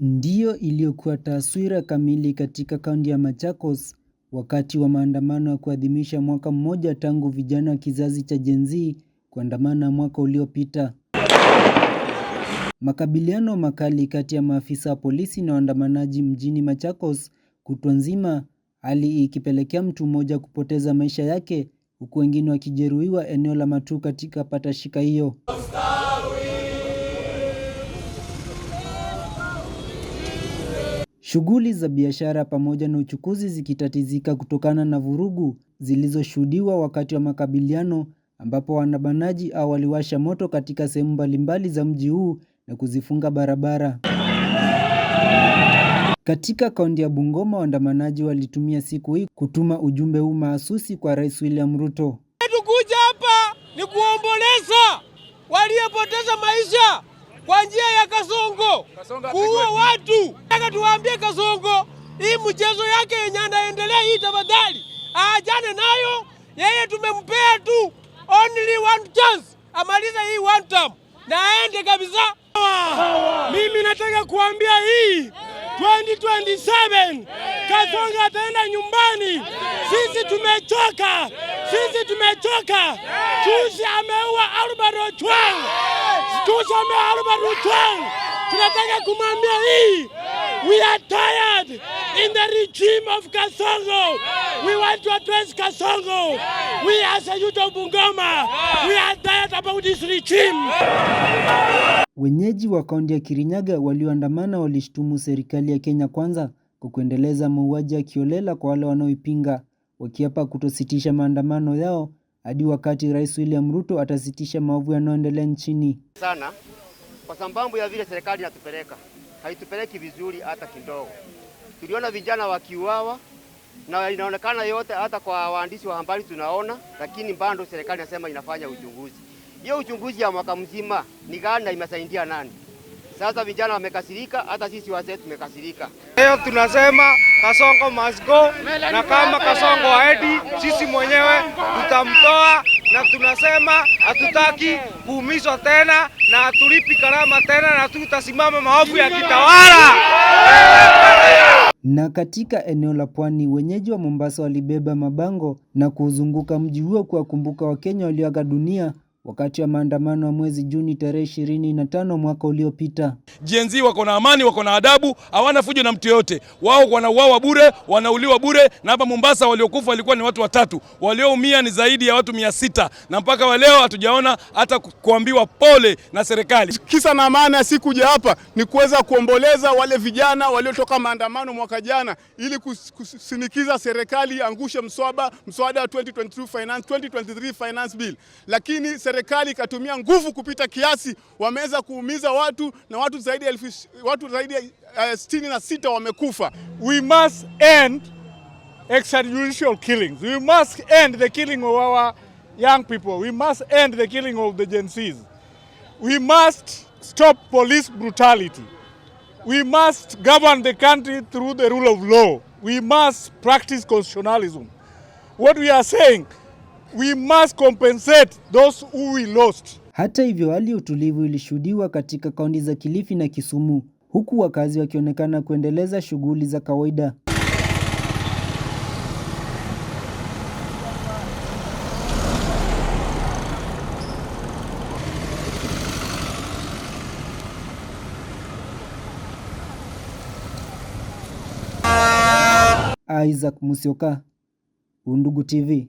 ndiyo iliyokuwa taswira kamili katika kaunti ya Machakos wakati wa maandamano ya kuadhimisha mwaka mmoja tangu vijana wa kizazi cha Gen Z kuandamana mwaka uliopita. Makabiliano makali kati ya maafisa wa polisi na waandamanaji mjini Machakos kutwa nzima, hali ikipelekea mtu mmoja kupoteza maisha yake huku wengine wakijeruhiwa eneo la Matu katika patashika hiyo. Shughuli za biashara pamoja na uchukuzi zikitatizika kutokana na vurugu zilizoshuhudiwa wakati wa makabiliano ambapo waandamanaji au waliwasha moto katika sehemu mbalimbali za mji huu na kuzifunga barabara. Katika kaunti ya Bungoma, waandamanaji walitumia siku hii kutuma ujumbe huu mahususi kwa Rais William Ruto. Tukuja hapa ni kuomboleza waliopoteza maisha kwa njia ya Kasongo kuua watu. Nataka tuwaambie Kasongo, hii mchezo yake yenye anaendelea hii, tafadhali aachane nayo. Yeye tumempea tu only one chance, amaliza hii one term na aende kabisa. Mimi nataka kuambia hii 2027 Kasongo ataenda nyumbani. Sisi tumechoka, sisi tumechoka. Juzi ameua Albert Ojwang Tusome Albert Ojwang, tunataka kumwambia hii, we are tired in the regime of Kasongo. We want to address Kasongo. We as a youth of Bungoma, we are tired about this regime. Wenyeji wa kaunti ya Kirinyaga walioandamana walishtumu serikali ya Kenya Kwanza kwa kuendeleza mauaji ya kiolela kwa wale wanaoipinga, wakiapa kutositisha maandamano yao hadi wakati Rais William Ruto atasitisha maovu yanayoendelea nchini sana, kwa sababu ya vile serikali inatupeleka, haitupeleki vizuri hata kidogo. Tuliona vijana wakiuawa na inaonekana yote, hata kwa waandishi wa habari tunaona, lakini bado serikali inasema inafanya uchunguzi. Hiyo uchunguzi ya mwaka mzima ni gani na imesaidia nani? Sasa vijana wamekasirika, hata sisi wazee tumekasirika. Leo tunasema Kasongo must go, na kama Kasongo haendi, sisi mwenyewe tutamtoa, na tunasema hatutaki kuumizwa tena na hatulipi gharama tena, na tutasimama maovu ya kitawala. Na katika eneo la pwani, wenyeji wa Mombasa walibeba mabango na kuzunguka mji huo kuwakumbuka Wakenya walioaga dunia wakati wa maandamano ya mwezi Juni tarehe tano mwaka uliopita. Gen Z wako na amani, wako na adabu, hawana fujo na mtu yoyote. Wao wanauawa bure, wanauliwa bure, na hapa Mombasa waliokufa walikuwa ni watu watatu, walioumia ni zaidi ya watu mia sita na mpaka wa leo hatujaona hata kuambiwa pole na serikali. Kisa na maana ya sikuja hapa ni kuweza kuomboleza wale vijana waliotoka maandamano mwaka jana, ili kusinikiza serikali angushe mswada mswada wa 2022 finance 2023 finance bill, lakini serikali ikatumia nguvu kupita kiasi, wameweza kuumiza watu na watu zaidi ya elfu, watu zaidi ya uh, sitini na sita wamekufa. We must end extrajudicial killings. We must end the killing of our young people. We must end the killing of the Gen Zs. We must stop police brutality. We must govern the country through the rule of law. We must practice constitutionalism. What we are saying We must compensate those who we lost. Hata hivyo, hali ya utulivu ilishuhudiwa katika kaunti za Kilifi na Kisumu, huku wakazi wakionekana kuendeleza shughuli za kawaida. Isaac Musyoka, Undugu TV.